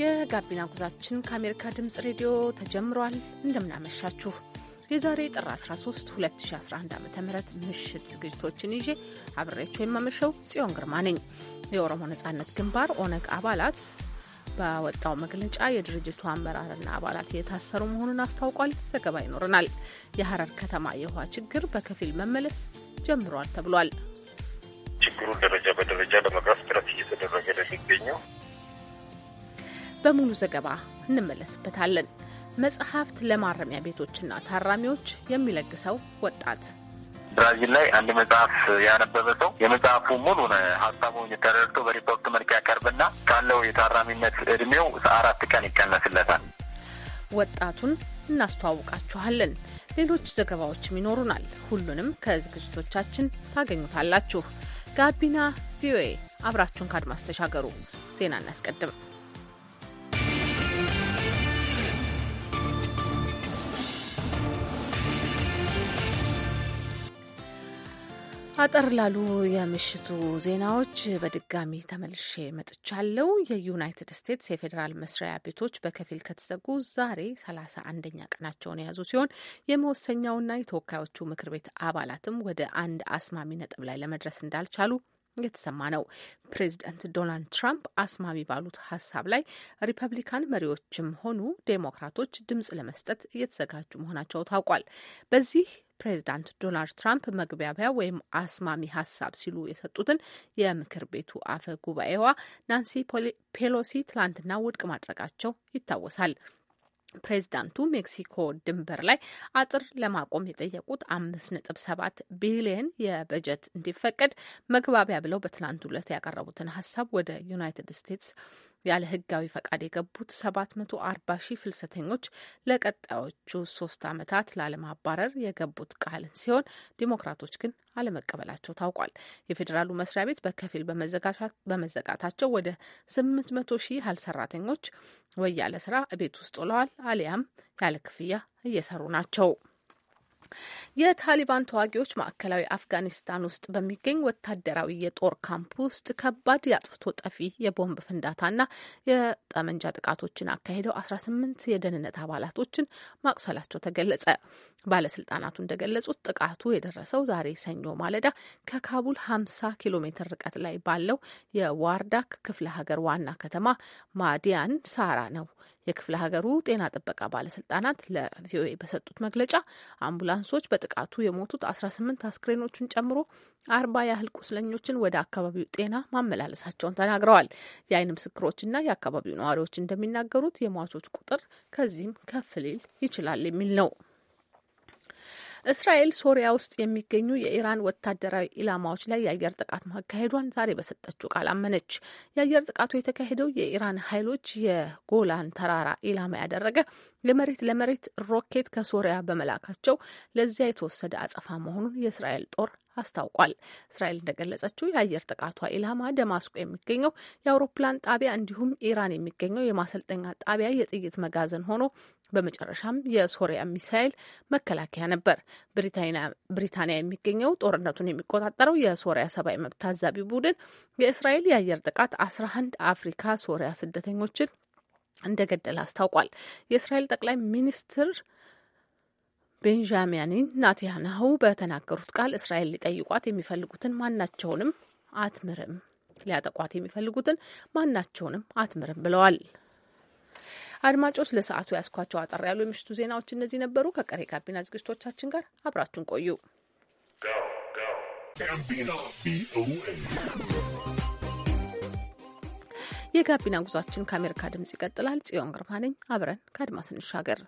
የጋቢና ጉዛችን ከአሜሪካ ድምጽ ሬዲዮ ተጀምሯል። እንደምናመሻችሁ የዛሬ ጥር 13 2011 ዓ ም ምሽት ዝግጅቶችን ይዤ አብሬያቸው የማመሸው ጽዮን ግርማ ነኝ። የኦሮሞ ነጻነት ግንባር ኦነግ አባላት በወጣው መግለጫ የድርጅቱ አመራርና አባላት የታሰሩ መሆኑን አስታውቋል። ዘገባ ይኖረናል። የሀረር ከተማ የውሃ ችግር በከፊል መመለስ ጀምሯል ተብሏል። ችግሩን ደረጃ በደረጃ ለመቅረፍ ጥረት እየተደረገ ነው የሚገኘው። በሙሉ ዘገባ እንመለስበታለን። መጽሐፍት ለማረሚያ ቤቶችና ታራሚዎች የሚለግሰው ወጣት ብራዚል ላይ አንድ መጽሐፍ ያነበበ ሰው የመጽሐፉ ሙሉ ሀሳቡን ተረድቶ በሪፖርት መልክ ያቀርብና ካለው የታራሚነት እድሜው አራት ቀን ይቀነስለታል። ወጣቱን እናስተዋውቃችኋለን። ሌሎች ዘገባዎችም ይኖሩናል። ሁሉንም ከዝግጅቶቻችን ታገኙታላችሁ። ጋቢና ቪኦኤ፣ አብራችሁን ከአድማስ ተሻገሩ። ዜና እናስቀድም። አጠር ላሉ የምሽቱ ዜናዎች በድጋሚ ተመልሼ መጥቻለሁ። የዩናይትድ ስቴትስ የፌዴራል መስሪያ ቤቶች በከፊል ከተዘጉ ዛሬ ሰላሳ አንደኛ ቀናቸውን የያዙ ሲሆን የመወሰኛውና የተወካዮቹ ምክር ቤት አባላትም ወደ አንድ አስማሚ ነጥብ ላይ ለመድረስ እንዳልቻሉ የተሰማ ነው። ፕሬዚደንት ዶናልድ ትራምፕ አስማሚ ባሉት ሀሳብ ላይ ሪፐብሊካን መሪዎችም ሆኑ ዴሞክራቶች ድምጽ ለመስጠት እየተዘጋጁ መሆናቸው ታውቋል። በዚህ ፕሬዚዳንት ዶናልድ ትራምፕ መግቢያቢያ ወይም አስማሚ ሀሳብ ሲሉ የሰጡትን የምክር ቤቱ አፈ ጉባኤዋ ናንሲ ፔሎሲ ትላንትና ውድቅ ማድረጋቸው ይታወሳል። ፕሬዚዳንቱ ሜክሲኮ ድንበር ላይ አጥር ለማቆም የጠየቁት አምስት ነጥብ ሰባት ቢሊየን የበጀት እንዲፈቀድ መግባቢያ ብለው በትላንት ዕለት ያቀረቡትን ሀሳብ ወደ ዩናይትድ ስቴትስ ያለ ህጋዊ ፈቃድ የገቡት 740 ሺህ ፍልሰተኞች ለቀጣዮቹ ሶስት ዓመታት ላለማባረር የገቡት ቃልን ሲሆን ዲሞክራቶች ግን አለመቀበላቸው ታውቋል። የፌዴራሉ መስሪያ ቤት በከፊል በመዘጋታቸው ወደ 800 ሺህ ያህል ሰራተኞች ወይ ያለ ስራ ቤት ውስጥ ውለዋል አሊያም ያለ ክፍያ እየሰሩ ናቸው። የታሊባን ተዋጊዎች ማዕከላዊ አፍጋኒስታን ውስጥ በሚገኝ ወታደራዊ የጦር ካምፕ ውስጥ ከባድ የአጥፍቶ ጠፊ የቦምብ ፍንዳታና የጠመንጃ ጥቃቶችን አካሂደው 18 የደህንነት አባላቶችን ማቁሰላቸው ተገለጸ። ባለስልጣናቱ እንደገለጹት ጥቃቱ የደረሰው ዛሬ ሰኞ ማለዳ ከካቡል 50 ኪሎ ሜትር ርቀት ላይ ባለው የዋርዳክ ክፍለ ሀገር ዋና ከተማ ማዲያን ሳራ ነው። የክፍለ ሀገሩ ጤና ጥበቃ ባለስልጣናት ለቪኦኤ በሰጡት መግለጫ አምቡላንሶች በጥቃቱ የሞቱት 18 አስክሬኖቹን ጨምሮ አርባ ያህል ቁስለኞችን ወደ አካባቢው ጤና ማመላለሳቸውን ተናግረዋል። የአይን ምስክሮችና የአካባቢው ነዋሪዎች እንደሚናገሩት የሟቾች ቁጥር ከዚህም ከፍ ሊል ይችላል የሚል ነው። እስራኤል ሶሪያ ውስጥ የሚገኙ የኢራን ወታደራዊ ኢላማዎች ላይ የአየር ጥቃት ማካሄዷን ዛሬ በሰጠችው ቃል አመነች። የአየር ጥቃቱ የተካሄደው የኢራን ኃይሎች የጎላን ተራራ ኢላማ ያደረገ የመሬት ለመሬት ሮኬት ከሶሪያ በመላካቸው ለዚያ የተወሰደ አጸፋ መሆኑን የእስራኤል ጦር አስታውቋል። እስራኤል እንደገለጸችው የአየር ጥቃቷ ኢላማ ደማስቆ የሚገኘው የአውሮፕላን ጣቢያ እንዲሁም ኢራን የሚገኘው የማሰልጠኛ ጣቢያ የጥይት መጋዘን ሆኖ በመጨረሻም የሶሪያ ሚሳይል መከላከያ ነበር። ብሪታንያ የሚገኘው ጦርነቱን የሚቆጣጠረው የሶሪያ ሰብአዊ መብት ታዛቢ ቡድን የእስራኤል የአየር ጥቃት አስራ አንድ አፍሪካ ሶሪያ ስደተኞችን እንደገደለ አስታውቋል። የእስራኤል ጠቅላይ ሚኒስትር ቤንጃሚን ናቲያናሁ በተናገሩት ቃል እስራኤል ሊጠይቋት የሚፈልጉትን ማናቸውንም አትምርም፣ ሊያጠቋት የሚፈልጉትን ማናቸውንም አትምርም ብለዋል። አድማጮች ለሰዓቱ ያስኳቸው አጠር ያሉ የምሽቱ ዜናዎች እነዚህ ነበሩ። ከቀሬ ጋቢና ዝግጅቶቻችን ጋር አብራችሁን ቆዩ። የጋቢና ጉዟችን ከአሜሪካ ድምጽ ይቀጥላል። ጽዮን ግርማ ነኝ። አብረን ከአድማስ እንሻገር።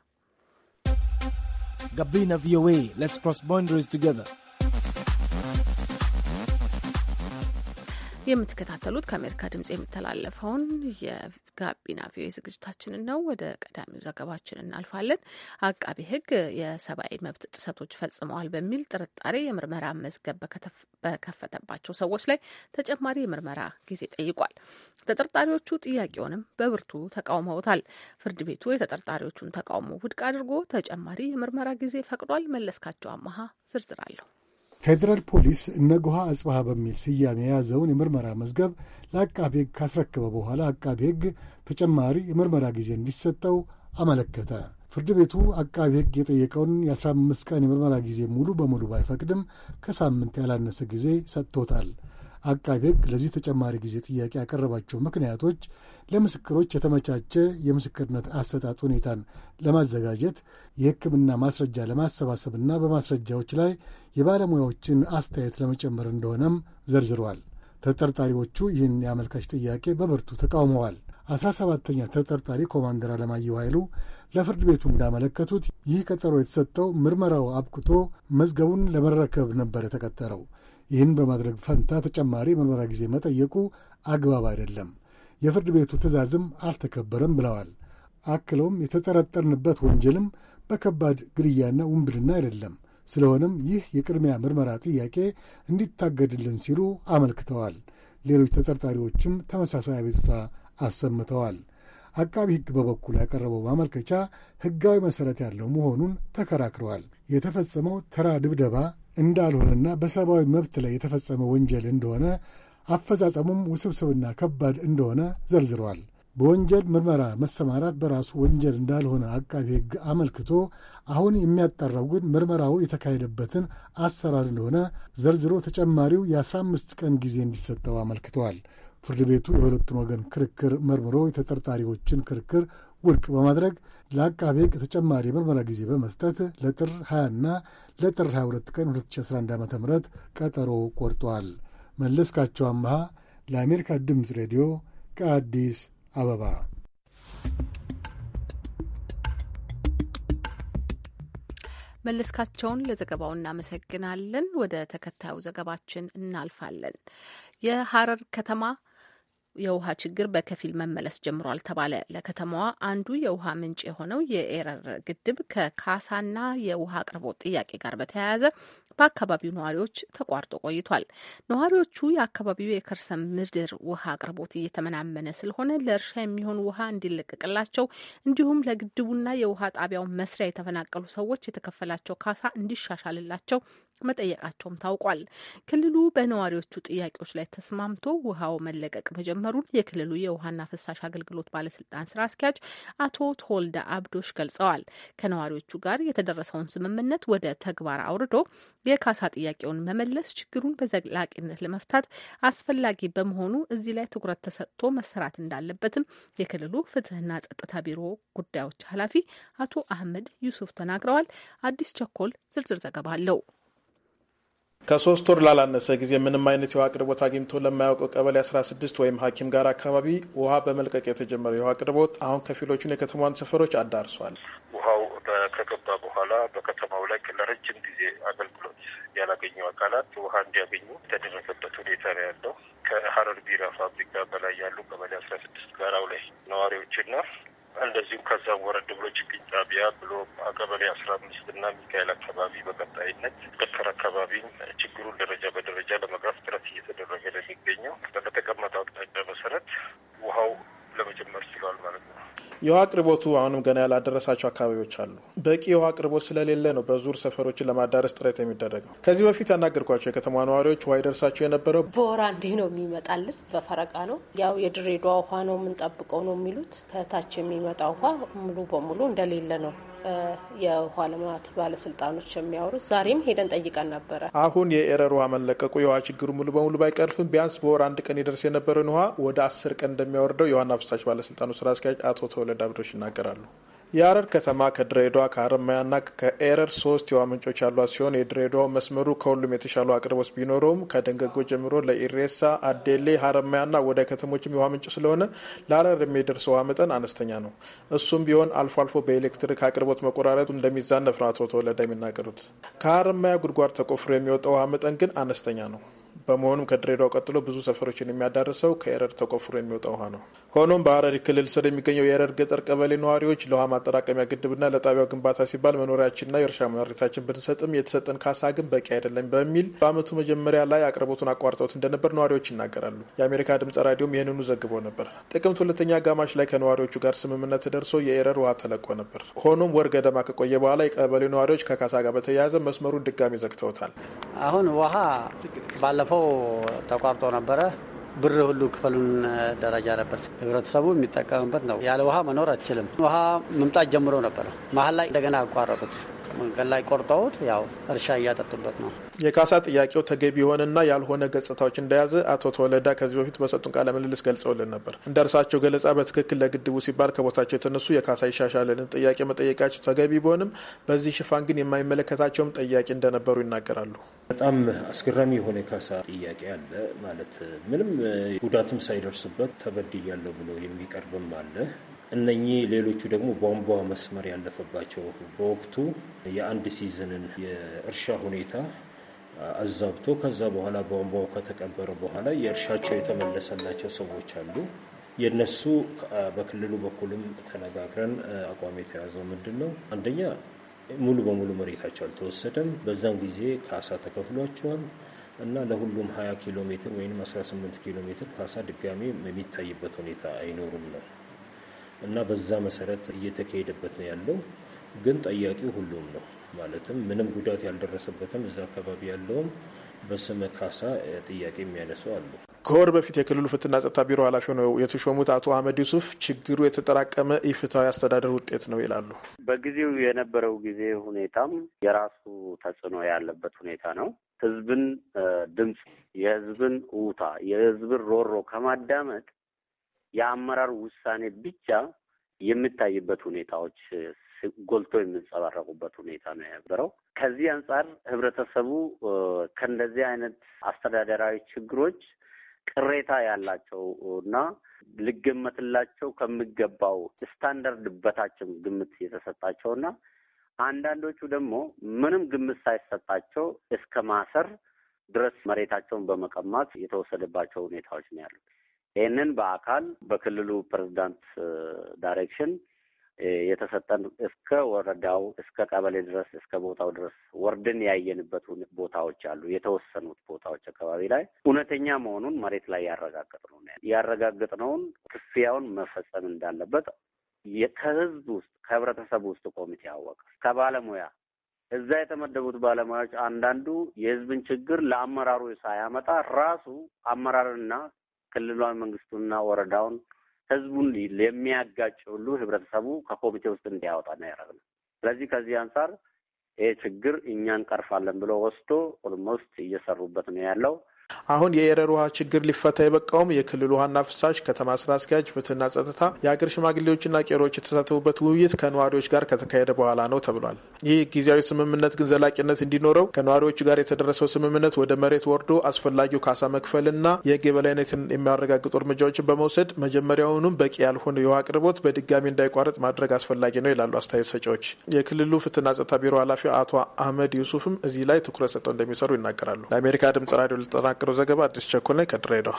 ጋቢና ቪኦኤ ሌትስ ክሮስ ባውንደሪስ ቱጌዘር የምትከታተሉት ከአሜሪካ ድምጽ የሚተላለፈውን የጋቢና ቪዮ ዝግጅታችንን ነው። ወደ ቀዳሚው ዘገባችን እናልፋለን። አቃቢ ሕግ የሰብአዊ መብት ጥሰቶች ፈጽመዋል በሚል ጥርጣሬ የምርመራ መዝገብ በከፈተባቸው ሰዎች ላይ ተጨማሪ የምርመራ ጊዜ ጠይቋል። ተጠርጣሪዎቹ ጥያቄውንም በብርቱ ተቃውመውታል። ፍርድ ቤቱ የተጠርጣሪዎቹን ተቃውሞ ውድቅ አድርጎ ተጨማሪ የምርመራ ጊዜ ፈቅዷል። መለስካቸው አመሃ ዝርዝር አለሁ ፌዴራል ፖሊስ እነ አጽባሃ በሚል ስያሜ የያዘውን የምርመራ መዝገብ ለአቃቤ ሕግ ካስረከበ በኋላ አቃቢ ሕግ ተጨማሪ የምርመራ ጊዜ እንዲሰጠው አመለከተ። ፍርድ ቤቱ አቃቢ ሕግ የጠየቀውን የ15 ቀን የምርመራ ጊዜ ሙሉ በሙሉ ባይፈቅድም ከሳምንት ያላነሰ ጊዜ ሰጥቶታል። አቃቢ ሕግ ለዚህ ተጨማሪ ጊዜ ጥያቄ ያቀረባቸው ምክንያቶች ለምስክሮች የተመቻቸ የምስክርነት አሰጣጥ ሁኔታን ለማዘጋጀት የሕክምና ማስረጃ ለማሰባሰብና በማስረጃዎች ላይ የባለሙያዎችን አስተያየት ለመጨመር እንደሆነም ዘርዝረዋል። ተጠርጣሪዎቹ ይህን የአመልካች ጥያቄ በብርቱ ተቃውመዋል። አስራ ሰባተኛ ተጠርጣሪ ኮማንደር አለማየሁ ኃይሉ ለፍርድ ቤቱ እንዳመለከቱት ይህ ቀጠሮ የተሰጠው ምርመራው አብቅቶ መዝገቡን ለመረከብ ነበር የተቀጠረው። ይህን በማድረግ ፈንታ ተጨማሪ የምርመራ ጊዜ መጠየቁ አግባብ አይደለም፣ የፍርድ ቤቱ ትዕዛዝም አልተከበረም ብለዋል። አክለውም የተጠረጠርንበት ወንጀልም በከባድ ግድያና ውንብድና አይደለም፣ ስለሆነም ይህ የቅድሚያ ምርመራ ጥያቄ እንዲታገድልን ሲሉ አመልክተዋል። ሌሎች ተጠርጣሪዎችም ተመሳሳይ አቤቱታ አሰምተዋል። አቃቢ ሕግ በበኩሉ ያቀረበው ማመልከቻ ሕጋዊ መሠረት ያለው መሆኑን ተከራክረዋል። የተፈጸመው ተራ ድብደባ እንዳልሆነና በሰብአዊ መብት ላይ የተፈጸመ ወንጀል እንደሆነ አፈጻጸሙም ውስብስብና ከባድ እንደሆነ ዘርዝረዋል። በወንጀል ምርመራ መሰማራት በራሱ ወንጀል እንዳልሆነ አቃቢ ሕግ አመልክቶ አሁን የሚያጠራው ግን ምርመራው የተካሄደበትን አሰራር እንደሆነ ዘርዝሮ ተጨማሪው የ አምስት ቀን ጊዜ እንዲሰጠው አመልክተዋል። ፍርድ ቤቱ የሁለቱን ወገን ክርክር መርምሮ የተጠርጣሪዎችን ክርክር ውድቅ በማድረግ ለአቃቤ ሕግ ተጨማሪ የምርመራ ጊዜ በመስጠት ለጥር 20ና ለጥር 22 ቀን 2011 ዓ ም ቀጠሮ ቆርጧል። መለስካቸው አምሃ ለአሜሪካ ድምፅ ሬዲዮ ከአዲስ አበባ መለስካቸውን ለዘገባው እናመሰግናለን። ወደ ተከታዩ ዘገባችን እናልፋለን። የሐረር ከተማ የውሃ ችግር በከፊል መመለስ ጀምሯል ተባለ። ለከተማዋ አንዱ የውሃ ምንጭ የሆነው የኤረር ግድብ ከካሳና የውሃ አቅርቦት ጥያቄ ጋር በተያያዘ በአካባቢው ነዋሪዎች ተቋርጦ ቆይቷል። ነዋሪዎቹ የአካባቢው የከርሰ ምድር ውሃ አቅርቦት እየተመናመነ ስለሆነ ለእርሻ የሚሆን ውሃ እንዲለቀቅላቸው እንዲሁም ለግድቡና የውሃ ጣቢያው መስሪያ የተፈናቀሉ ሰዎች የተከፈላቸው ካሳ እንዲሻሻልላቸው መጠየቃቸውም ታውቋል። ክልሉ በነዋሪዎቹ ጥያቄዎች ላይ ተስማምቶ ውሃው መለቀቅ መጀመሩን የክልሉ የውሃና ፍሳሽ አገልግሎት ባለስልጣን ስራ አስኪያጅ አቶ ተወልደ አብዶሽ ገልጸዋል። ከነዋሪዎቹ ጋር የተደረሰውን ስምምነት ወደ ተግባር አውርዶ የካሳ ጥያቄውን መመለስ ችግሩን በዘላቂነት ለመፍታት አስፈላጊ በመሆኑ እዚህ ላይ ትኩረት ተሰጥቶ መሰራት እንዳለበትም የክልሉ ፍትህና ጸጥታ ቢሮ ጉዳዮች ኃላፊ አቶ አህመድ ዩሱፍ ተናግረዋል። አዲስ ቸኮል ዝርዝር ዘገባ አለው። ከሶስት ወር ላላነሰ ጊዜ ምንም አይነት የውሃ አቅርቦት አግኝቶ ለማያውቀው ቀበሌ 16 ወይም ሀኪም ጋር አካባቢ ውሃ በመልቀቅ የተጀመረው የውሃ አቅርቦት አሁን ከፊሎቹን የከተማን ሰፈሮች አዳርሷል። ውሃው ከገባ በኋላ በከተማው ላይ ለረጅም ጊዜ አገልግሎት ያላገኙ አካላት ውሃ እንዲያገኙ የተደረገበት ሁኔታ ነው ያለው። ከሀረር ቢራ ፋብሪካ በላይ ያሉ ቀበሌ 16 ጋራው ላይ ነዋሪዎችና እንደዚሁ ከዛ ወረድ ብሎ ችግኝ ጣቢያ ብሎ አቀበሌ አስራ አምስት እና ሚካኤል አካባቢ በቀጣይነት ገፈር አካባቢም ችግሩን ደረጃ በደረጃ ለመቅረፍ ጥረት እየተደረገ ለሚገኘው የሚገኘው በተቀመጠው የውሃ አቅርቦቱ አሁንም ገና ያላደረሳቸው አካባቢዎች አሉ። በቂ የውሃ አቅርቦት ስለሌለ ነው በዙር ሰፈሮችን ለማዳረስ ጥረት የሚደረገው። ከዚህ በፊት ያናገርኳቸው የከተማ ነዋሪዎች ውሃ ይደርሳቸው የነበረው በወራ እንዲህ ነው የሚመጣልን፣ በፈረቃ ነው። ያው የድሬዳዋ ውሃ ነው የምንጠብቀው ነው የሚሉት። ከታች የሚመጣ ውሃ ሙሉ በሙሉ እንደሌለ ነው የውሃ ልማት ባለስልጣኖች የሚያወሩት። ዛሬም ሄደን ጠይቀን ነበረ። አሁን የኤረር ውሃ መለቀቁ የውሃ ችግሩ ሙሉ በሙሉ ባይቀርፍም ቢያንስ በወር አንድ ቀን ይደርስ የነበረን ውሃ ወደ አስር ቀን እንደሚያወርደው የዋና ፍሳሽ ባለስልጣኑ ስራ አስኪያጅ አቶ ተወለድ አብዶች ይናገራሉ። የአረር ከተማ ከድሬዳዋ ከአረማያና ከኤረር ሶስት የውሃ ምንጮች ያሏት ሲሆን የድሬዳዋ መስመሩ ከሁሉም የተሻሉ አቅርቦት ቢኖረውም ከደንገጎ ጀምሮ ለኢሬሳ፣ አዴሌ፣ ሀረማያና ወደ ከተሞችም የውሃ ምንጭ ስለሆነ ለአረር የሚደርስ ውሃ መጠን አነስተኛ ነው። እሱም ቢሆን አልፎ አልፎ በኤሌክትሪክ አቅርቦት መቆራረጡ እንደሚዛነፍ ነው አቶ ተወለደ የሚናገሩት። ከሀረማያ ጉድጓድ ተቆፍሮ የሚወጣ ውሃ መጠን ግን አነስተኛ ነው። በመሆኑም ከድሬዳዋ ቀጥሎ ብዙ ሰፈሮችን የሚያዳርሰው ከኤረር ተቆፍሮ የሚወጣ ውሃ ነው። ሆኖም በአረሪ ክልል ስር የሚገኘው የኤረር ገጠር ቀበሌ ነዋሪዎች ለውሃ ማጠራቀሚያ ግድብና ለጣቢያው ግንባታ ሲባል መኖሪያችንና የእርሻ መሬታችን ብንሰጥም የተሰጠን ካሳ ግን በቂ አይደለም በሚል በዓመቱ መጀመሪያ ላይ አቅርቦቱን አቋርጠውት እንደነበር ነዋሪዎች ይናገራሉ። የአሜሪካ ድምጽ ራዲዮም ይህንኑ ዘግቦ ነበር። ጥቅምት ሁለተኛ አጋማሽ ላይ ከነዋሪዎቹ ጋር ስምምነት ተደርሶ የኤረር ውሃ ተለቆ ነበር። ሆኖም ወር ገደማ ከቆየ በኋላ የቀበሌ ነዋሪዎች ከካሳ ጋር በተያያዘ መስመሩን ድጋሚ ዘግተውታል። አሁን ውሃ ባለ ባለፈው ተቋርጦ ነበረ። ብር ሁሉ ክፈሉን ደረጃ ነበር። ህብረተሰቡ የሚጠቀምበት ነው። ያለ ውሃ መኖር አችልም። ውሃ መምጣት ጀምሮ ነበረ፣ መሀል ላይ እንደገና አቋረጡት። መንገድ ላይ ቆርጠውት ያው እርሻ እያጠጡበት ነው። የካሳ ጥያቄው ተገቢ የሆነና ያልሆነ ገጽታዎች እንደያዘ አቶ ተወለዳ ከዚህ በፊት በሰጡን ቃለ ምልልስ ገልጸውልን ነበር። እንደ እርሳቸው ገለጻ በትክክል ለግድቡ ሲባል ከቦታቸው የተነሱ የካሳ ይሻሻልን ጥያቄ መጠየቃቸው ተገቢ ቢሆንም በዚህ ሽፋን ግን የማይመለከታቸውም ጠያቂ እንደነበሩ ይናገራሉ። በጣም አስገራሚ የሆነ የካሳ ጥያቄ አለ። ማለት ምንም ጉዳትም ሳይደርስበት ተበድያለሁ ብሎ የሚቀርብም አለ እነኚህ ሌሎቹ ደግሞ ቧንቧ መስመር ያለፈባቸው በወቅቱ የአንድ ሲዝንን የእርሻ ሁኔታ አዛብቶ ከዛ በኋላ ቧንቧው ከተቀበረ በኋላ የእርሻቸው የተመለሰላቸው ሰዎች አሉ። የነሱ በክልሉ በኩልም ተነጋግረን አቋም የተያዘው ምንድን ነው? አንደኛ ሙሉ በሙሉ መሬታቸው አልተወሰደም። በዛን ጊዜ ካሳ ተከፍሏቸዋል እና ለሁሉም 20 ኪሎ ሜትር ወይም 18 ኪሎ ሜትር ካሳ ድጋሚ የሚታይበት ሁኔታ አይኖሩም ነው እና በዛ መሰረት እየተካሄደበት ነው ያለው። ግን ጠያቂው ሁሉም ነው ማለትም ምንም ጉዳት ያልደረሰበትም እዛ አካባቢ ያለውም በስመ ካሳ ጥያቄ የሚያነሱ አሉ። ከወር በፊት የክልሉ ፍትህና ጸጥታ ቢሮ ኃላፊ ሆነው የተሾሙት አቶ አህመድ ዩሱፍ ችግሩ የተጠራቀመ ኢፍትሐዊ አስተዳደር ውጤት ነው ይላሉ። በጊዜው የነበረው ጊዜ ሁኔታም የራሱ ተጽዕኖ ያለበት ሁኔታ ነው። ህዝብን ድምፅ፣ የህዝብን እውታ፣ የህዝብን ሮሮ ከማዳመጥ የአመራር ውሳኔ ብቻ የሚታይበት ሁኔታዎች ጎልቶ የምንጸባረቁበት ሁኔታ ነው የነበረው። ከዚህ አንጻር ህብረተሰቡ ከእንደዚህ አይነት አስተዳደራዊ ችግሮች ቅሬታ ያላቸው እና ልገመትላቸው ከሚገባው ስታንዳርድ በታችም ግምት የተሰጣቸው እና አንዳንዶቹ ደግሞ ምንም ግምት ሳይሰጣቸው እስከ ማሰር ድረስ መሬታቸውን በመቀማት የተወሰደባቸው ሁኔታዎች ነው ያሉት። ይህንን በአካል በክልሉ ፕሬዚዳንት ዳይሬክሽን የተሰጠን እስከ ወረዳው እስከ ቀበሌ ድረስ እስከ ቦታው ድረስ ወርድን ያየንበት ቦታዎች አሉ። የተወሰኑት ቦታዎች አካባቢ ላይ እውነተኛ መሆኑን መሬት ላይ ያረጋገጥ ነው ያረጋግጥ ነውን ክፍያውን መፈጸም እንዳለበት ከህዝብ ውስጥ ከህብረተሰብ ውስጥ ኮሚቴ አወቀ ከባለሙያ እዛ የተመደቡት ባለሙያዎች አንዳንዱ የህዝብን ችግር ለአመራሩ ሳያመጣ ራሱ አመራርና ክልሏን፣ መንግስቱና ወረዳውን፣ ህዝቡን የሚያጋጭ ሁሉ ህብረተሰቡ ከኮሚቴ ውስጥ እንዲያወጣ ነው ያደረግነው። ስለዚህ ከዚህ አንጻር ይህ ችግር እኛ እንቀርፋለን ብሎ ወስዶ ኦልሞስት እየሰሩበት ነው ያለው። አሁን የኤረር ውሃ ችግር ሊፈታ የበቃውም የክልል ውሃና ፍሳሽ ከተማ ስራ አስኪያጅ፣ ፍትህና ጸጥታ፣ የአገር ሽማግሌዎችና ቄሮዎች የተሳተፉበት ውይይት ከነዋሪዎች ጋር ከተካሄደ በኋላ ነው ተብሏል። ይህ ጊዜያዊ ስምምነት ግን ዘላቂነት እንዲኖረው ከነዋሪዎቹ ጋር የተደረሰው ስምምነት ወደ መሬት ወርዶ አስፈላጊው ካሳ መክፈልና የህግ የበላይነትን የሚያረጋግጡ እርምጃዎችን በመውሰድ መጀመሪያውኑም በቂ ያልሆነ የውሃ አቅርቦት በድጋሚ እንዳይቋረጥ ማድረግ አስፈላጊ ነው ይላሉ አስተያየት ሰጪዎች። የክልሉ ፍትህና ጸጥታ ቢሮ ኃላፊ አቶ አህመድ ዩሱፍም እዚህ ላይ ትኩረት ሰጥተው እንደሚሰሩ ይናገራሉ። ለአሜሪካ ድምጽ ራዲዮ ለተጠናቀረው ዘገባ አዲስ ቸኮል ከድሬዳዋ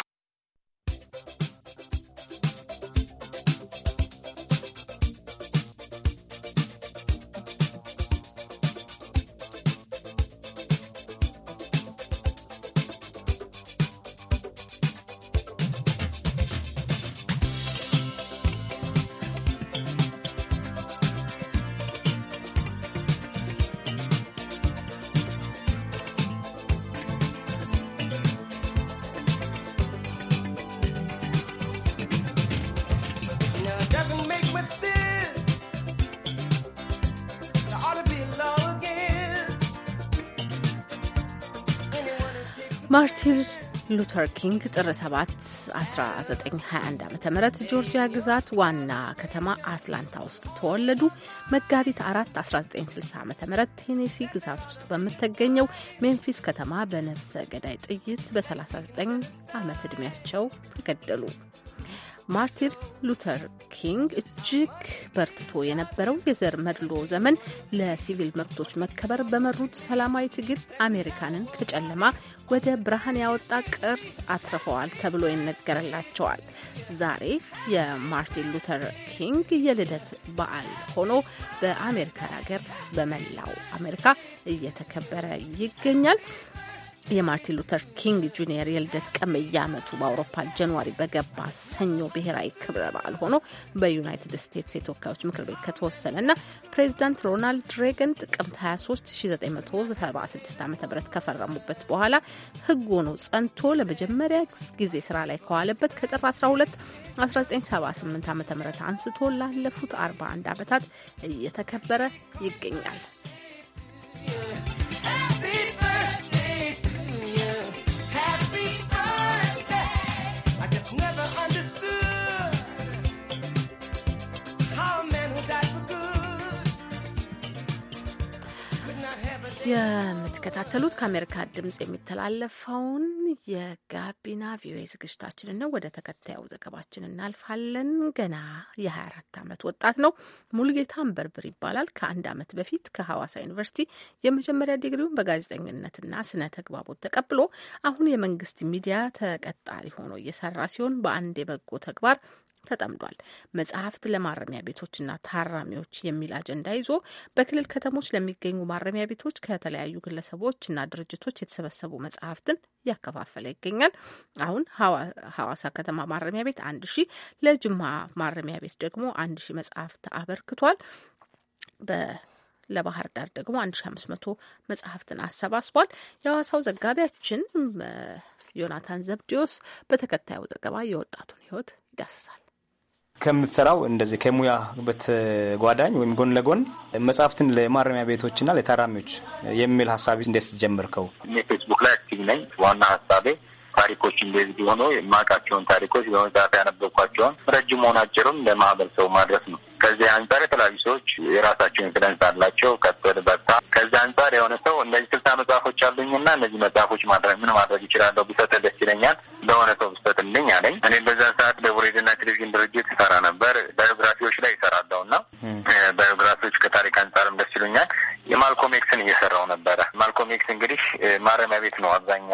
ማርቲን ሉተር ኪንግ ጥር 7 1921 ዓ ም ጆርጂያ ግዛት ዋና ከተማ አትላንታ ውስጥ ተወለዱ። መጋቢት 4 1960 ዓ ም ቴኔሲ ግዛት ውስጥ በምትገኘው ሜምፊስ ከተማ በነፍሰ ገዳይ ጥይት በ39 ዓመት ዕድሜያቸው ተገደሉ። ማርቲን ሉተር ኪንግ እጅግ በርትቶ የነበረው የዘር መድሎ ዘመን ለሲቪል መብቶች መከበር በመሩት ሰላማዊ ትግል አሜሪካንን ከጨለማ ወደ ብርሃን ያወጣ ቅርስ አትርፈዋል ተብሎ ይነገርላቸዋል። ዛሬ የማርቲን ሉተር ኪንግ የልደት በዓል ሆኖ በአሜሪካ ሀገር በመላው አሜሪካ እየተከበረ ይገኛል። የማርቲን ሉተር ኪንግ ጁኒየር የልደት ቀን በየዓመቱ በአውሮፓ ጃንዋሪ በገባ ሰኞ ብሔራዊ ክብረ በዓል ሆኖ በዩናይትድ ስቴትስ የተወካዮች ምክር ቤት ከተወሰነ እና ፕሬዚዳንት ሮናልድ ሬገን ጥቅምት 23 1976 ዓ ም ከፈረሙበት በኋላ ህግ ሆኖ ጸንቶ ለመጀመሪያ ጊዜ ስራ ላይ ከዋለበት ከጥር 12 1978 ዓ ም አንስቶ ላለፉት 41 ዓመታት እየተከበረ ይገኛል። የምትከታተሉት ከአሜሪካ ድምፅ የሚተላለፈውን የጋቢና ቪኦኤ ዝግጅታችንን ነው። ወደ ተከታዩ ዘገባችን እናልፋለን። ገና የ24 ዓመት ወጣት ነው። ሙልጌታን በርብር ይባላል። ከአንድ ዓመት በፊት ከሐዋሳ ዩኒቨርሲቲ የመጀመሪያ ዲግሪውን በጋዜጠኝነትና ስነ ተግባቦት ተቀብሎ አሁን የመንግስት ሚዲያ ተቀጣሪ ሆኖ እየሰራ ሲሆን በአንድ የበጎ ተግባር ተጠምዷል። መጽሐፍት ለማረሚያ ቤቶችና ታራሚዎች የሚል አጀንዳ ይዞ በክልል ከተሞች ለሚገኙ ማረሚያ ቤቶች ከተለያዩ ግለሰቦችና ድርጅቶች የተሰበሰቡ መጽሐፍትን እያከፋፈለ ይገኛል። አሁን ሐዋሳ ከተማ ማረሚያ ቤት አንድ ሺህ ለጅማ ማረሚያ ቤት ደግሞ አንድ ሺህ መጽሐፍት አበርክቷል። ለባህር ዳር ደግሞ መቶ መጽሐፍትን አሰባስቧል። የሐዋሳው ዘጋቢያችን ዮናታን ዘብዲዮስ በተከታዩ ዘገባ የወጣቱን ህይወት ይዳስሳል። ከምትሰራው እንደዚህ ከሙያ በተጓዳኝ ወይም ጎን ለጎን መጽሐፍትን ለማረሚያ ቤቶችና ለታራሚዎች የሚል ሀሳብ እንዴት ስጀምርከው? እኔ ፌስቡክ ላይ አክቲቭ ነኝ። ዋና ሀሳቤ ታሪኮች እንደዚህ ሆኖ የማውቃቸውን ታሪኮች በመጽሐፍ ያነበብኳቸውን ረጅም ሆነ አጭርም ለማህበረሰቡ ማድረስ ነው። ከዚህ አንጻር የተለያዩ ሰዎች የራሳቸው ኢንፍሉዌንስ አላቸው። ቀጥል በታ ከዚህ አንጻር የሆነ ሰው እነዚህ ስልሳ መጽሐፎች እና እነዚህ መጽሐፎች ማድረግ ምን ማድረግ ይችላለሁ ብሰጥ ደስ ይለኛል ለሆነ ሰው ብሰጥልኝ አለኝ። እኔ በዛ ሰዓት በሬዲዮና ቴሌቪዥን ድርጅት ይሰራ ነበር። ባዮግራፊዎች ላይ ይሰራለሁ እና ባዮግራፊዎች ከታሪክ አንጻር ማልኮም ኤክስን እየሰራው ነበረ። ማልኮም ኤክስ እንግዲህ ማረሚያ ቤት ነው አብዛኛ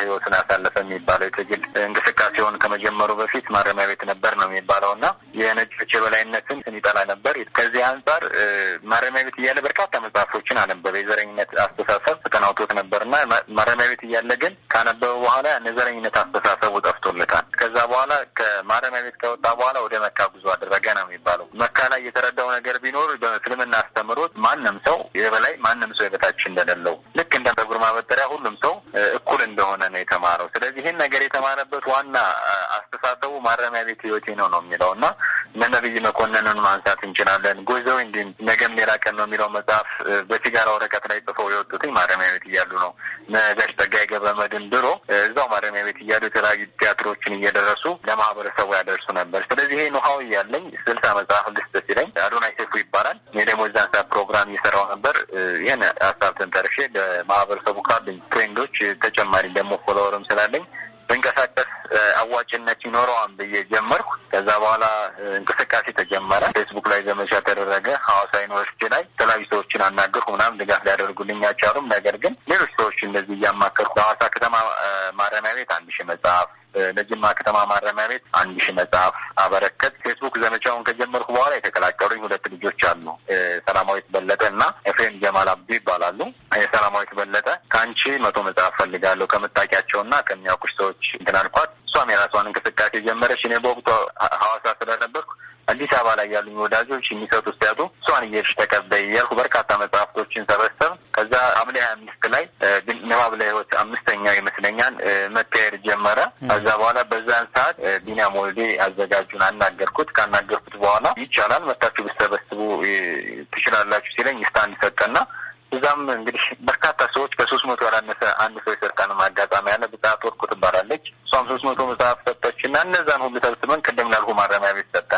ህይወትን አሳለፈ የሚባለው የትግል እንቅስቃሴውን ከመጀመሩ በፊት ማረሚያ ቤት ነበር ነው የሚባለው እና የነጮች የበላይነትን ይጠላ ነበር። ከዚህ አንጻር ማረሚያ ቤት እያለ በርካታ መጽሐፎችን አነበበ። የዘረኝነት አስተሳሰብ ተቀናውቶት ነበር እና ማረሚያ ቤት እያለ ግን ካነበበ በኋላ የዘረኝነት አስተሳሰቡ ጠፍቶለታል። ከዛ በኋላ ከማረሚያ ቤት ከወጣ በኋላ ወደ መካ ጉዞ አደረገ ነው የሚባለው። መካ ላይ የተረዳው ነገር ቢኖር በእስልምና አስተምሮት ማንም ሰው የበላይ ማንም ሰው የበታች እንደሌለው ልክ እንደ ጸጉር ማበጠሪያ ሁሉም ሰው እኩል እንደሆነ ነው የተማረው። ስለዚህ ይህን ነገር የተማረበት ዋና አስተሳሰቡ ማረሚያ ቤት ህይወቴ ነው ነው የሚለው እና እነ ነብይ መኮንንን ማንሳት እንችላለን። ጎዘው እንዲም ነገም ሌላ ቀን ነው የሚለው መጽሐፍ በሲጋራ ወረቀት ላይ ጽፈው የወጡትኝ ማረሚያ ቤት እያሉ ነው። ነገር ጸጋዬ ገብረመድህን ድሮ እዛው ማረሚያ ቤት እያሉ የተለያዩ ቲያትሮችን እየደረሱ ለማህበረ ማህበረሰቡ ያደርሱ ነበር። ስለዚህ ይሄን ውሀው እያለኝ ስልሳ መጽሐፍ ልስጥ ሲለኝ አዶናይ ሴፉ ይባላል የደሞዛንሳ ፕሮግራም እየሰራው ነበር። ይህን ሀሳብ ተንተርሼ ለማህበረሰቡ ካሉኝ ፍሬንዶች ተጨማሪ ደግሞ ፎሎወርም ስላለኝ ብንቀሳቀስ አዋጭነት ይኖረዋን ብዬ ጀመርኩ። ከዛ በኋላ እንቅስቃሴ ተጀመረ። ፌስቡክ ላይ ዘመቻ ተደረገ። ሐዋሳ ዩኒቨርሲቲ ላይ የተለያዩ ሰዎችን አናገርኩ። ምናምን ድጋፍ ሊያደርጉልኝ አልቻሉም። ነገር ግን ሌሎች ሰዎች እንደዚህ እያማከርኩ ሐዋሳ ከተማ ማረሚያ ቤት አንድ ሺህ መጽሐፍ ለጅማ ከተማ ማረሚያ ቤት አንድ ሺህ መጽሐፍ አበረከት። ፌስቡክ ዘመቻውን ከጀመርኩ በኋላ የተቀላቀሉኝ ሁለት ልጆች አሉ። ሰላማዊት በለጠ እና ኤፍሬም ጀማል አብዱ ይባላሉ። የሰላማዊት በለጠ ከአንቺ መቶ መጽሐፍ ፈልጋለሁ ከምታውቂያቸው እና ከሚያውቁሽ ሰዎች እንትን አልኳት። እሷም የራሷን እንቅስቃሴ ጀመረች። እኔ በወቅቱ ሀዋሳ ስለነበርኩ አዲስ አበባ ላይ ያሉኝ ወዳጆች የሚሰጡ ሲያጡ እሷን እየሄድሽ ተቀበይ እያልኩ በርካታ መጽሐፍቶችን ሰበሰብ። ከዛ ሐምሌ ሀያ አምስት ላይ ግን ንባብ ለሕይወት አምስተኛው ይመስለኛል መካሄድ ጀመረ። ከዛ በኋላ በዛን ሰዓት ቢኒያም ወልዴ አዘጋጁን አናገርኩት። ካናገርኩት በኋላ ይቻላል መታችሁ ብሰበስቡ ትችላላችሁ ሲለኝ ስታንድ ሰጠና እዛም እንግዲህ በርካታ ሰዎች ከሶስት መቶ ያላነሰ አንድ ሰው የሰጠንም አጋጣሚ ያለ ብጽሀት ወርቁ ትባላለች። እሷም ሶስት መቶ መጽሐፍ ሰጠች እና እነዛን ሁሉ ተብስበን ቅድም ላልኩ ማረሚያ ቤት ሰጠ።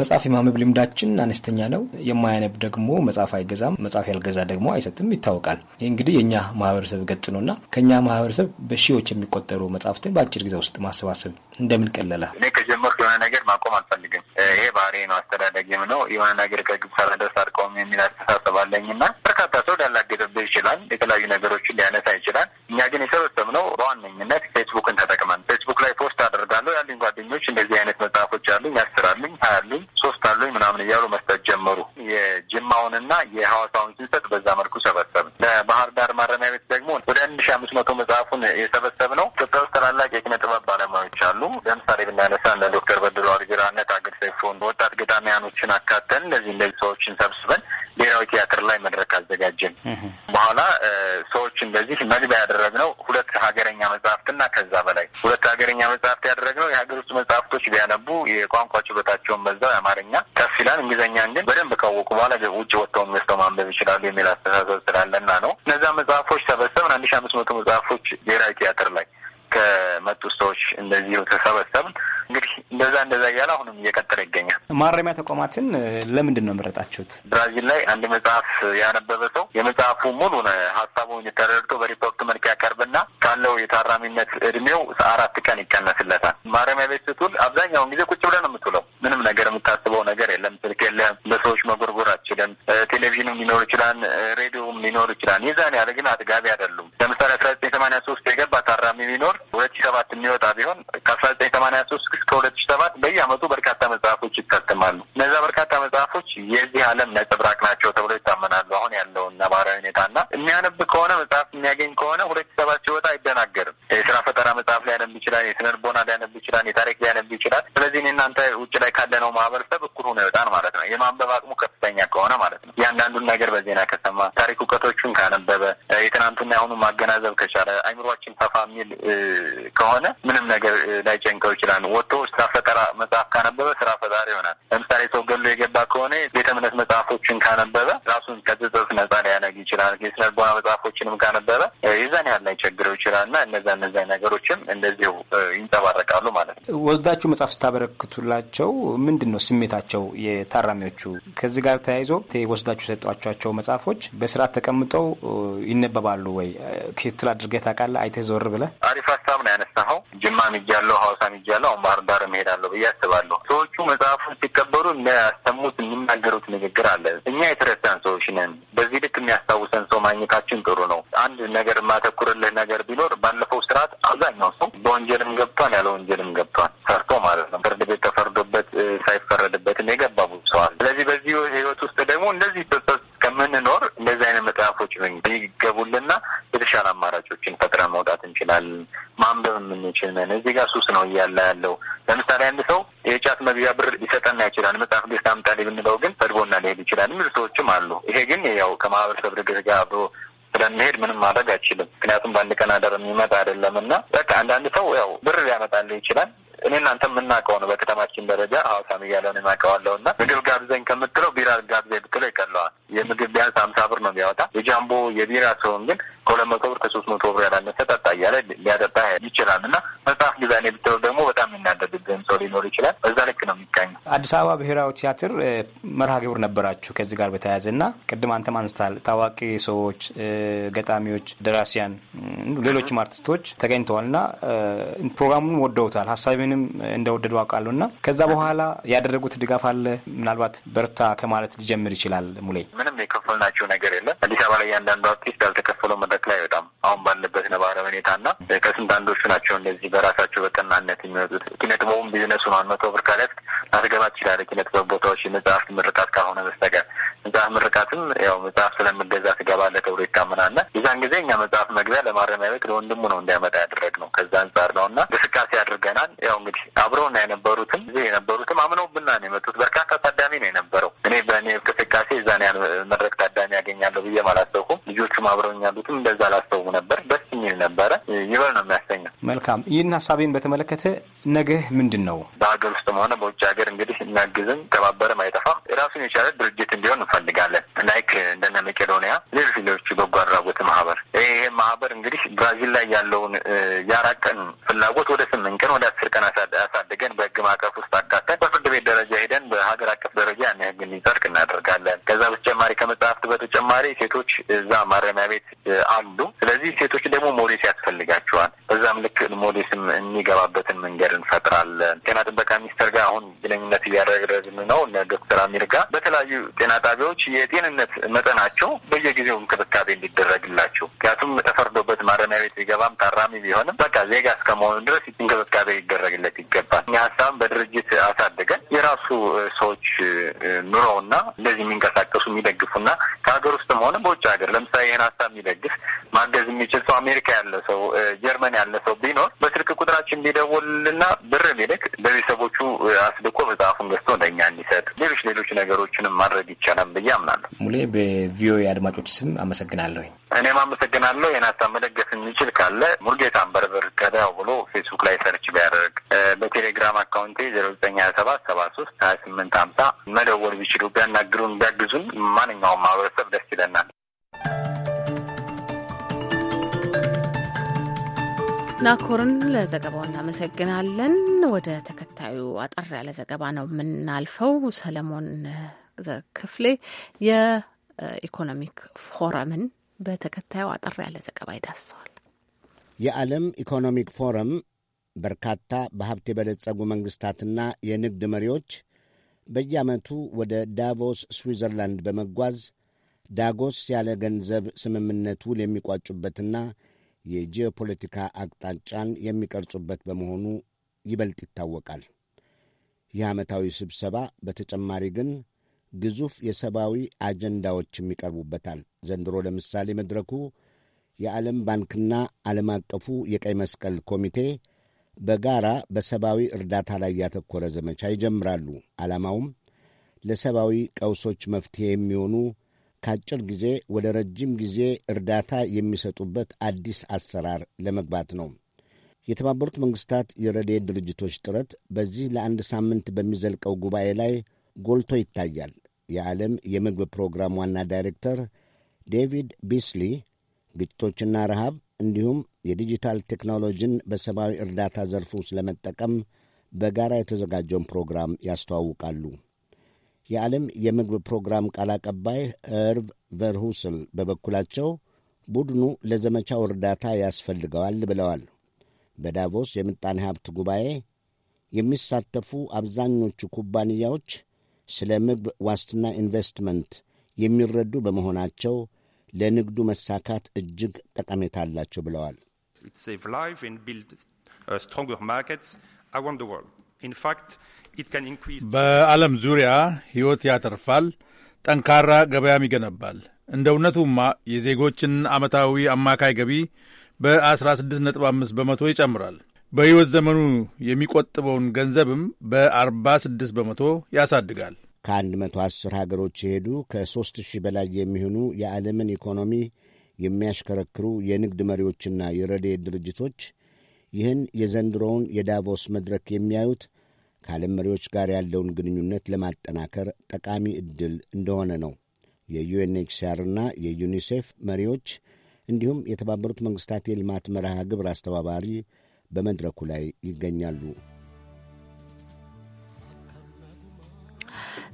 መጽሐፍ የማንበብ ልምዳችን አነስተኛ ነው። የማያነብ ደግሞ መጽሐፍ አይገዛም፣ መጽሐፍ ያልገዛ ደግሞ አይሰጥም ይታወቃል። ይህ እንግዲህ የእኛ ማህበረሰብ ገጽ ነው እና ከእኛ ማህበረሰብ በሺዎች የሚቆጠሩ መጽሐፍትን በአጭር ጊዜ ውስጥ ማሰባሰብ እንደምን ቀለላ እኔ ከጀመርኩ የሆነ ነገር ማቆም አልፈልግም። ይሄ ባህሬ ነው፣ አስተዳደጊም ነው። የሆነ ነገር ከግብ ሳላደርስ አልቆምም የሚል አስተሳሰብ አለኝ እና በርካታ ሰው ሊያላግጥብህ ይችላል። የተለያዩ ነገሮችን ሊያነሳ ይችላል። እኛ ግን የሰበሰብነው በዋነኝነት ፌስቡክን ተጠቅመን ፌስቡክ ላይ ፖስት አደርጋለሁ ያሉኝ ጓደኞች እንደዚህ አይነት መጽሐፎች አሉኝ፣ አስር አሉኝ፣ ሀያ አሉኝ፣ ሶስት አሉኝ ምናምን እያሉ መስጠት ጀመሩ። የጅማውንና የሐዋሳውን ስንሰጥ በዛ መልኩ መቶ መጽሐፉን የሰበሰብ ነው። ኢትዮጵያ ውስጥ ታላላቅ የኪነ ጥበብ ባለሙያዎች አሉ። ለምሳሌ ብናነሳ እነ ዶክተር በድሎ አልጅራ፣ እነ ታገል ሰይፎን፣ ወጣት ገጣሚያኖችን አካተን እነዚህ እንደዚህ ሰዎችን ሰብስበን ብሔራዊ ቲያትር ላይ መድረክ አዘጋጀን። በኋላ ሰዎች እንደዚህ መግቢያ ያደረግነው ሁለት ሀገረኛ መጽሐፍትና ከዛ በላይ ሁለት ሀገረኛ መጽሐፍት ያደረግነው የሀገር ውስጥ መጽሐፍቶች ቢያነቡ የቋንቋ ችሎታቸውን በዛው የአማርኛ ከፍ ይላል፣ እንግሊዝኛን ግን በደንብ ካወቁ በኋላ ውጭ ወጥተውን ገዝተው ማንበብ ይችላሉ የሚል አስተሳሰብ ስላለና ነው። እነዛ መጽሐፎች ሰበሰብን። አንድ ሺ አምስት መቶ መጽሐፎች ብሔራዊ ቲያትር ላይ ከመጡ ሰዎች እንደዚሁ ተሰበሰብን። እንግዲህ እንደዛ እንደዛ እያለ አሁንም እየቀጠለ ይገኛል። ማረሚያ ተቋማትን ለምንድን ነው የመረጣችሁት? ብራዚል ላይ አንድ መጽሐፍ ያነበበ ሰው የመጽሐፉ ሙሉ ሀሳቡን ተረድቶ በሪፖርት መልክ ያቀርብና ካለው የታራሚነት እድሜው አራት ቀን ይቀነስለታል። ማረሚያ ቤት ስትውል አብዛኛውን ጊዜ ቁጭ ብለህ ነው የምትውለው። ምንም ነገር የምታስበው ነገር የለም። ስልክ የለም። በሰዎች መጎርጎር አትችልም። ቴሌቪዥንም ሊኖር ይችላል። ሬዲዮ ሊኖር ይችላል። የዛን ያለ ግን አጥጋቢ አይደሉም። ለምሳሌ አስራ ዘጠኝ ሰማኒያ ሶስት የገባ ታራሚ ቢኖር ሁለት ሺ ሰባት የሚወጣ ቢሆን ከአስራ ዘጠኝ ሰማኒያ ሶስት እስከ ሁለት ሺ ሰባት በየአመቱ በርካታ መጽሐፎች ይታተማሉ። እነዛ በርካታ መጽሐፎች የዚህ ዓለም ነጸብራቅ ናቸው ተብሎ ይታመናሉ። አሁን ያለውን ነባራዊ ሁኔታና የሚያነብ ከሆነ መጽሐፍ የሚያገኝ ከሆነ ሁለት ሺ ሰባት ሲወጣ አይደናገርም። የስራ ፈጠራ መጽሐፍ ሊያነብ ይችላል፣ የስነልቦና ሊያነብ ይችላል፣ የታሪክ ሊያነብ ይችላል። ስለዚህ እናንተ ውጭ ላይ ካለነው ማህበረሰብ እኩል ሆኖ ይወጣል ማለት ነው። የማንበብ አቅሙ ከፍተኛ ከሆነ ማለት ነው። እያንዳንዱን ነገር በዜና ከሰማ፣ ታሪክ እውቀቶቹን ካነበበ፣ የትናንቱና የአሁኑ ማገናዘብ ከቻለ፣ አይምሯችን ሰፋ የሚል ከሆነ ምንም ነገር ላይ ጨንቀው ይችላል። ወጥቶ ስራ ፈጠራ መጽሐፍ ካነበበ ስራ ፈጣሪ ይሆናል። ለምሳሌ ሰው ገሎ የገባ ከሆነ ቤተ እምነት መጽሐፎችን ካነበበ ራሱን ከጽጽፍ ነጻ ሊያነግ ይችላል። የስነልቦና መጽሐፎችንም ካነበበ ይዛን ያህል ላይ ቸግረው ይችላል እና እነዛ እነዛ ነገሮችም እንደዚሁ ይንጸባረቃሉ ማለት ነው። ወስዳችሁ መጽሐፍ ስታበረክቱላቸው ምንድን ነው ስሜታቸው የታራሚዎቹ? ከዚህ ጋር ተያይዞ ወስዳችሁ የሰጧቸው መጽሐፎች በስርዓት ተቀምጠው ይነበባሉ ወይ? ክትል አድርገህ ታውቃለህ? አይተህ ዞር ብለህ? አሪፍ ሀሳብ ነው ያነሳኸው። ጅማ ሚጃለሁ፣ ሀዋሳ ሚጃለሁ፣ አሁን ባህር ዳር እሄዳለሁ ብዬ አስባለሁ። ሰዎቹ መጽሐፉን ሲቀበሉ የሚያሰሙት የሚናገሩት ንግግር አለ። እኛ የተረሳን ሰዎች ነን። በዚህ ልክ የሚያስታውሰን ሰው ማግኘታችን ጥሩ ነው። አንድ ነገር የማተኩርልህ ነገር ቢኖር ባለፈው ስርዓት አብዛኛው ሰው በወንጀልም ገብቷል፣ ያለ ወንጀልም ገብቷል። ሰርቶ ማለት ነው። ፍርድ ቤት ተፈርዶበት ሳይፈረድበትም የገባ ብዙ ስለዚህ በዚህ ህይወት ውስጥ ደግሞ እንደዚህ ከምንኖር እንደዚህ አይነት መጽሐፎች ይገቡልና የተሻለ አማራጮችን ፈጥረን መውጣት እንችላለን። ማንበብ የምንችል ነን። እዚህ ጋር ሱስ ነው እያለ ያለው ለምሳሌ አንድ ሰው የጫት መግቢያ ብር ሊሰጠና ይችላል። መጽሐፍ ቤት አምጣልኝ ብንለው ግን ሰድቦና ሊሄድ ይችላል የሚሉ አሉ። ይሄ ግን ያው ከማህበረሰብ ርግር ጋር አብሮ ብለን መሄድ ምንም ማድረግ አይችልም። ምክንያቱም በአንድ ቀን አደር የሚመጣ አይደለም እና በቃ አንዳንድ ሰው ያው ብር ሊያመጣልህ ይችላል እኔ እናንተ የምናውቀው ነው። በከተማችን ደረጃ ሀዋሳ እያለሆነ የማውቀዋለሁ እና ምግብ ጋብዘኝ ከምትለው ቢራ ጋብዘኝ ብትለው ይቀለዋል። የምግብ ቢያንስ ሀምሳ ብር ነው የሚያወጣ የጃምቦ የቢራ ሰውን ግን ከሁለት መቶ ብር ከሶስት መቶ ብር ያላነሰ ጠጣ እያለ ሊያጠጣ ይችላል እና መጽሐፍ ዲዛይን ብትለው ደግሞ በጣም የሚናደድብህም ሰው ሊኖር ይችላል። በዛ ልክ ነው የሚቃኝ። አዲስ አበባ ብሔራዊ ቲያትር መርሃ ግብር ነበራችሁ ከዚህ ጋር በተያያዘ እና ቅድም አንተም አንስታል ታዋቂ ሰዎች፣ ገጣሚዎች፣ ደራሲያን፣ ሌሎችም አርቲስቶች ተገኝተዋል እና ፕሮግራሙን ወደውታል ሀሳቢ ኢኮኖሚንም እንደወደዱ አውቃለሁ እና ከዛ በኋላ ያደረጉት ድጋፍ አለ። ምናልባት በርታ ከማለት ሊጀምር ይችላል። ሙሌ ምንም የከፈልናቸው ነገር የለም። አዲስ አበባ ላይ እያንዳንዱ አርቲስት ያልተከፈለው መድረክ ላይ አይወጣም። አሁን ባለበት ነባረ ሁኔታ እና ከስንት አንዶቹ ናቸው እንደዚህ በራሳቸው በቀናነት የሚወጡት። ኪነጥበቡም ቢዝነሱ ነው። መቶ ብር ካለፍት ላትገባ ትችላለ። ኪነጥበብ ቦታዎች የመጽሐፍት ምርቃት ካልሆነ በስተቀር መጽሐፍ ምርቃትም ያው መጽሐፍ ስለምገዛ ትገባለህ ተብሎ ይታመናል። እና የዛን ጊዜ እኛ መጽሐፍ መግቢያ ለማረሚያ ቤት ለወንድሙ ነው እንዲያመጣ ያደረግ ነው። ከዛ አንጻር ነው እና እንቅስቃሴ አድርገናል ያው እንግዲህ አብረውና የነበሩትም እዚህ የነበሩትም አምነውብና ነው የመጡት። በርካታ ታዳሚ ነው የነበረው። እኔ በእኔ እንቅስቃሴ እዛን ያን መድረክ ታዳሚ ያገኛለሁ ብዬም አላሰብኩም። ልጆቹም አብረውኝ ያሉትም እንደዛ አላሰቡ ነበር። ደስ የሚል ነበረ። ይበል ነው የሚያሰኘው። መልካም። ይህን ሀሳቤን በተመለከተ ነገህ ምንድን ነው? በሀገር ውስጥም ሆነ በውጭ ሀገር እንግዲህ እናግዝም ተባበረም አይጠፋ ራሱን የቻለ ድርጅት እንዲሆን እንፈልጋለን። ላይክ እንደነ መቄዶኒያ ሌሎች ሌሎች በጎ አድራጎት ማህበር ይሄ ማህበር እንግዲህ ብራዚል ላይ ያለውን ያራቀን ፍላጎት ወደ ስምንት ቀን ወደ አስር ቀን አድርገን አሳድገን በህግ ማዕቀፍ ውስጥ አካተን በፍርድ ቤት ደረጃ ሄደን በሀገር አቀፍ ደረጃ ያን ህግ እንዲጸድቅ እናደርጋለን። ከዛ በተጨማሪ ከመጽሐፍት በተጨማሪ ሴቶች እዛ ማረሚያ ቤት አሉ። ስለዚህ ሴቶች ደግሞ ሞዴስ ያስፈልጋቸዋል። በዛም ልክ ሞዴስም የሚገባበትን መንገድ እንፈጥራለን። ጤና ጥበቃ ሚኒስቴር ጋር አሁን ግንኙነት እያደረግን ነው። ዶክተር አሚር ጋር በተለያዩ ጤና ጣቢያዎች የጤንነት መጠናቸው በየጊዜው እንክብካቤ እንዲደረግላቸው ምክንያቱም ተፈርዶበት ማረሚያ ቤት ቢገባም ታራሚ ቢሆንም በቃ ዜጋ እስከመሆኑ ድረስ እንክብካቤ ይደረግ ሊደረግለት ይገባል። እኛ ሀሳብም በድርጅት አሳድገን የራሱ ሰዎች ኑሮውና እንደዚህ የሚንቀሳቀሱ የሚደግፉና ከሀገር ውስጥም ሆነ በውጭ ሀገር ለምሳሌ ይህን ሀሳብ የሚደግፍ ማገዝ የሚችል ሰው አሜሪካ ያለ ሰው፣ ጀርመን ያለ ሰው ቢኖር በስልክ ቁጥራችን ቢደውልና ብር ቢልክ በቤተሰቦቹ አስልኮ መጽሐፉን ገዝቶ ለእኛ እንዲሰጥ ሌሎች ሌሎች ነገሮችንም ማድረግ ይቻላል ብዬ አምናለሁ። ሙሌ በቪኦኤ አድማጮች ስም አመሰግናለሁ። እኔም አመሰግናለሁ። ይህን ሀሳብ መደገፍ የሚችል ካለ ሙርጌታን በርበር ገዳው ብሎ ፌስቡክ ላይ ሰርች ቢያደርግ በቴሌግራም አካውንቴ ዜሮ ዘጠኝ ሀያ ሰባት ሰባ ሶስት ሀያ ስምንት ሀምሳ መደወል ቢችሉ ቢያናግሩን፣ ቢያግዙን ማንኛውም ማህበረሰብ ደስ ይለናል። ናኮርን ለዘገባው እናመሰግናለን። ወደ ተከታዩ አጠር ያለ ዘገባ ነው የምናልፈው። ሰለሞን ክፍሌ የኢኮኖሚክ ፎረምን በተከታዩ አጠር ያለ ዘገባ ይዳስሰዋል። የዓለም ኢኮኖሚክ ፎረም በርካታ በሀብት የበለጸጉ መንግሥታትና የንግድ መሪዎች በየዓመቱ ወደ ዳቮስ ስዊዘርላንድ በመጓዝ ዳጎስ ያለ ገንዘብ ስምምነት ውል የሚቋጩበትና የጂኦፖለቲካ አቅጣጫን የሚቀርጹበት በመሆኑ ይበልጥ ይታወቃል። ይህ ዓመታዊ ስብሰባ በተጨማሪ ግን ግዙፍ የሰብአዊ አጀንዳዎችም ይቀርቡበታል። ዘንድሮ ለምሳሌ መድረኩ የዓለም ባንክና ዓለም አቀፉ የቀይ መስቀል ኮሚቴ በጋራ በሰብአዊ እርዳታ ላይ ያተኮረ ዘመቻ ይጀምራሉ። ዓላማውም ለሰብአዊ ቀውሶች መፍትሄ የሚሆኑ ከአጭር ጊዜ ወደ ረጅም ጊዜ እርዳታ የሚሰጡበት አዲስ አሰራር ለመግባት ነው። የተባበሩት መንግሥታት የረድኤት ድርጅቶች ጥረት በዚህ ለአንድ ሳምንት በሚዘልቀው ጉባኤ ላይ ጎልቶ ይታያል። የዓለም የምግብ ፕሮግራም ዋና ዳይሬክተር ዴቪድ ቢስሊ ግጭቶችና ረሃብ እንዲሁም የዲጂታል ቴክኖሎጂን በሰብአዊ እርዳታ ዘርፉ ስለመጠቀም በጋራ የተዘጋጀውን ፕሮግራም ያስተዋውቃሉ። የዓለም የምግብ ፕሮግራም ቃል አቀባይ እርቭ ቨርሁስል በበኩላቸው ቡድኑ ለዘመቻው እርዳታ ያስፈልገዋል ብለዋል። በዳቮስ የምጣኔ ሀብት ጉባኤ የሚሳተፉ አብዛኞቹ ኩባንያዎች ስለ ምግብ ዋስትና ኢንቨስትመንት የሚረዱ በመሆናቸው ለንግዱ መሳካት እጅግ ጠቀሜታ አላቸው ብለዋል። It saves lives and builds uh, stronger markets around the world. In fact, it can increase. በዓለም ዙሪያ ሕይወት ያተርፋል፣ ጠንካራ ገበያም ይገነባል። እንደ እውነቱማ የዜጎችን ዓመታዊ አማካይ ገቢ በ16.5 በመቶ ይጨምራል። በሕይወት ዘመኑ የሚቆጥበውን ገንዘብም በ46 በመቶ ያሳድጋል። ከ110 ሀገሮች የሄዱ ከ3000 በላይ የሚሆኑ የዓለምን ኢኮኖሚ የሚያሽከረክሩ የንግድ መሪዎችና የረድኤት ድርጅቶች ይህን የዘንድሮውን የዳቮስ መድረክ የሚያዩት ከዓለም መሪዎች ጋር ያለውን ግንኙነት ለማጠናከር ጠቃሚ ዕድል እንደሆነ ነው። የዩኤንኤችሲአርና የዩኒሴፍ መሪዎች እንዲሁም የተባበሩት መንግሥታት የልማት መርሃ ግብር አስተባባሪ በመድረኩ ላይ ይገኛሉ።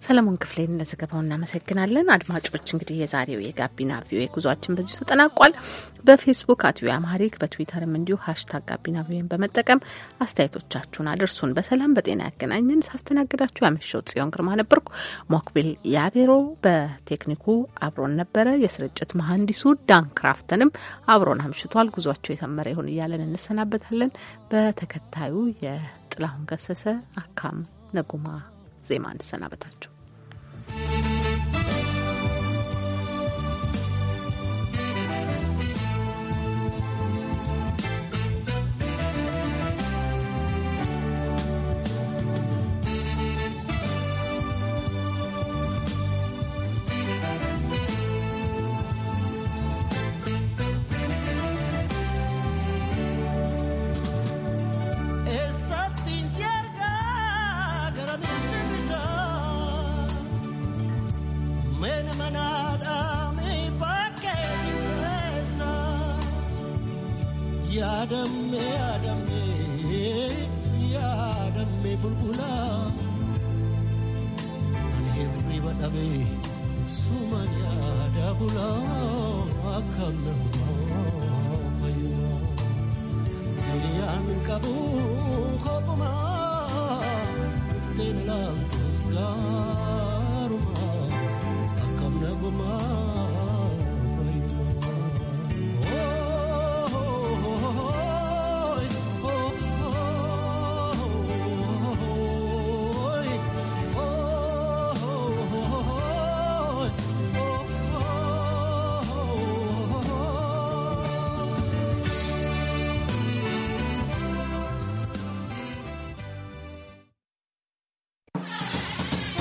ሰለሞን ክፍሌን ለዘገባው እናመሰግናለን። አድማጮች እንግዲህ የዛሬው የጋቢና ቪኦኤ ጉዟችን በዚሁ ተጠናቋል። በፌስቡክ አት ቪኦኤ አማሪክ በትዊተርም እንዲሁ ሀሽታግ ጋቢና ቪኦኤን በመጠቀም አስተያየቶቻችሁን አድርሱን። በሰላም በጤና ያገናኘን። ሳስተናግዳችሁ ያመሸው ጽዮን ግርማ ነበርኩ። ሞክቢል ያቤሮ በቴክኒኩ አብሮን ነበረ። የስርጭት መሀንዲሱ ዳን ክራፍተንም አብሮን አምሽቷል። ጉዟቸው የሰመረ ይሁን እያለን እንሰናበታለን። በተከታዩ የጥላሁን ገሰሰ አካም ነጉማ ዜማ እንሰናበታችሁ። yaadamme yaadamme yaadamme bulbula ani hirriba dhabee suman yaada bula akkamme fayyuma hiriyaan qabu kopuma dhufteen ilaaltus